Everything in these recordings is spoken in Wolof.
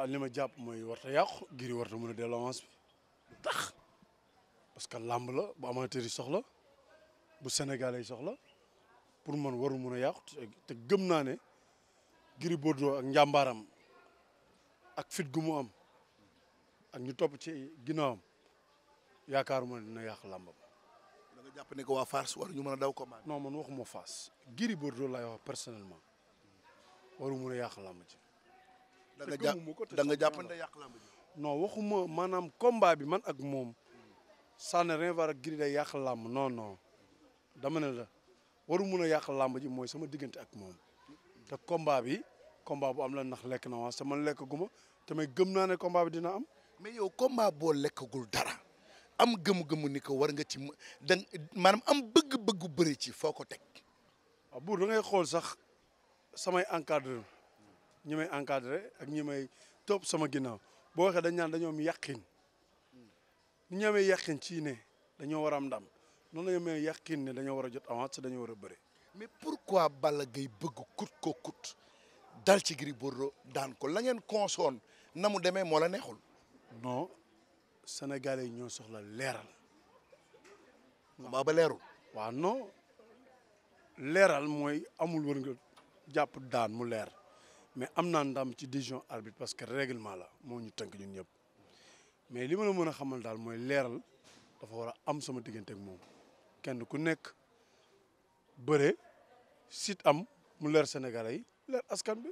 ah li ma jàpp mooy warta yàqu Gris warta mun a delloo tax parce que làmb la bu amateur yi soxla bu sénégalais yi soxla pour man warul mën a yàqu te gëm naa ne Gris Bordeaux ak njàmbaaram ak fit gu mu am ak ñu topp ci ginnaawam yaakaaruma ne dina yàq làmbam da nga jàpp ne ko waa Fass ñu mën a daw ko man non man waxuma Fass Gris Bordeaux laay wax personnellement waru mën a yàq làmb da nga jàpp da nga jàppante yàq lamb ji. non waxuma maanaam combat bi man ak moom ça n'a rien à voir ak Gris day yàq làmb non non dama ne la waru mun yàq làmb ji mooy sama diggante ak moom te combat bi combat bu am la ndax lekk na waa sama lekk guma te may gëm naa ne combat bi dina am. mais yow combat boo lekkagul dara am gëm-gëmu ni ko war nga ci da maanaam am bëgg-bëggu bëri ci foo ko teg. waaw ah, buur da ngay xool sax samay encadreur. ñi may encadré ak ñi may topp sama ginnaaw boo waxee dañ naan dañoo am yàqin ni ñu amee yàqin ci ne dañoo war a am ndam noonu la ñu amee yàqin ne dañoo war a jot avance dañoo war a bëre. mais pourquoi Balla Gaye bëgg kut ko kut dal ci Gris Bordeaux daan ko la ngeen consoon na mu demee moo la neexul. no Sénégalais yi ñoo soxla leeral. mbaa ba leerul. waaw non leeral mooy amul wër jàpp daan mu leer. mais am naa ndam ci décision arbitre parce que règlement la moo ñu tënk ñun ñëpp mais li ma la mën a xamal daal mooy leeral dafa war a am sama diggante ak moom kenn ku nekk bëre site am mu leer Sénégalais yi leer askan bi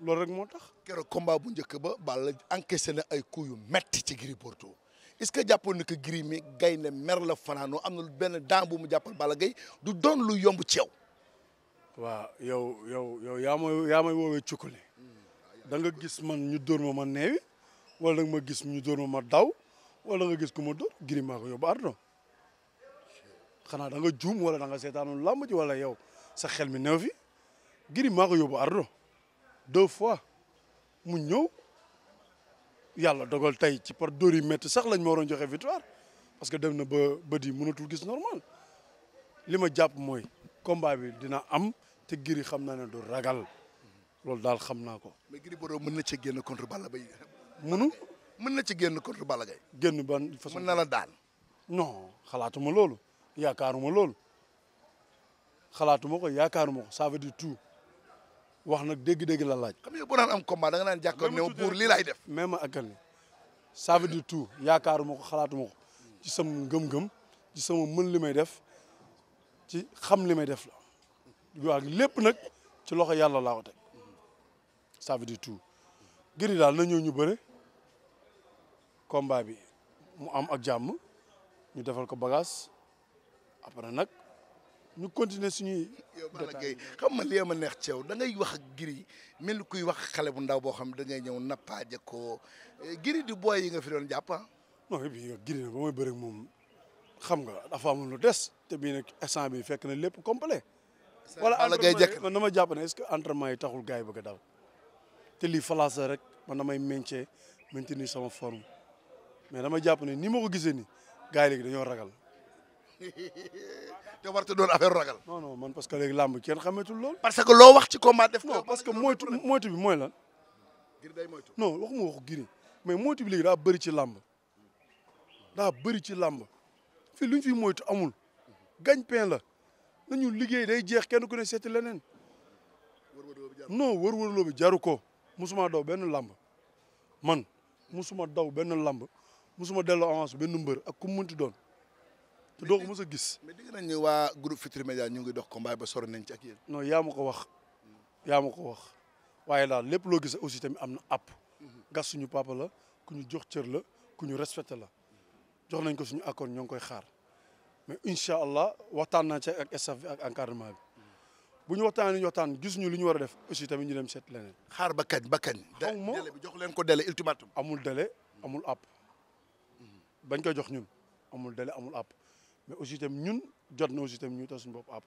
loolu rek moo tax. keroog combat bu njëkk ba la encaissé na ay coups yu metti ci Gris Bordeaux est-ce que jàppoon na que Gris mi gaynde mer la fanaanoo am na lu benn daan bu mu jàppal Balla Gaye du doon lu yomb ci yow waaw yow yow yow yaa may yaa may woowee cukkali da gis man ñu dóor ma ma neewi wala da ma gis ñu dóor ma ma daw wala nga gis ku ma dóor giri maa ko yóbbu ardo xanaa da nga juum wala da seetaanu làmb ji wala yow sa xel mi neew fi giri maa ko yóbbu ardo deux fois mu ñëw yàlla dogal tey ci par door yi métti sax lañ ma waroon joxe victoire parce que dem na ba bët yi mënatul gis normal li ma jàpp mooy combat bi dina am te Gris xam naa ne door ragal loolu daal xam naa ko. mais Gris Bordeaux mën na ci génn contre Balla Gaye. munu mën na ci génn contre Balla Gaye. génn ban façon mën na la daal. non xalaatuma loolu yaakaaruma loolu xalaatuma ko yaakaaruma ko ça veut dire tout wax na dégg-dégg la laaj. xam nga boo daan am combat da naan jàkkaarloo ne ma pour lii laay def. même ak kan ça veut dire tout yaakaaruma ko xalaatuma ko ci sama ngëm-ngëm ci sama mën li may def ci xam li may def waaw lépp nag ci loxo yàlla laa ko teg ça tout Gris daal na ñëw ñu bëre combat bi mu am ak jàmm ñu defal ko bagage après nag ñu continuer suñuy. yow Balla Gaye xam nga li ma neex ceew yow da ngay wax ak Gris mel ni kuy wax xale bu ndaw boo xam da ngay ñëw nappaaje ko eh, Gris di booy yi nga fi doon jàpp ah. non bii Gris nag ba may bëre moom xam nga dafa amul lu des te bii nag instant bi fekk na lépp complet wala entraînement man dama jàpp ne est-ce que entraînement yi taxul gars yi bëgg a te li falaas rek man damay meñcee maintenir sama forme mais dama jàpp ne ni ma ko gisee nii gars yi léegi dañoo ragal. te warta doon affaire ragal. non non man parce que léegi làmb kenn xamatul lool. parce que loo wax ci combat def. non parce que moytu moytu bi mooy lan. giri day moytu non waxuma waxu giri mais moytu bi léegi daa bëri ci làmb daa bëri ci làmb fii lu ñu fi moytu amul gagne-pain la. ñu liggéey day jeex kenn ku ne seet leneen non wër-wërloo bi jaru ko musuma daw benn làmb man musuma daw benn làmb musuma delloo avance benn mbër ak ku munti doon te doo ko gis. mais nañ waa groupe Futurs Médias ñu ngi dox combat ba sori nañ ci ak yéen. non yaa ma ko wax yaa ma ko wax waaye daal lépp loo gis aussi tamit am na app mhm. gas suñu papa la ku ñu jox cër la ku ñu respecté la jox nañ ko suñu accord ñoo ngi koy xaar. mais incha allah waxtaan naa ci ak staff bi bu ñu waxtaanee li ñu waxtaan gis ñu li ñu war a def aussi tamit ñu dem seet leneen. xaar ba kañ ba kañ. xaw ma bi jox leen ko délai ultimatum. amul dele amul app bañ koy jox ñun amul délai amul app mais aussi tamit ñun jot na aussi tamit ñu tas suñu bopp app.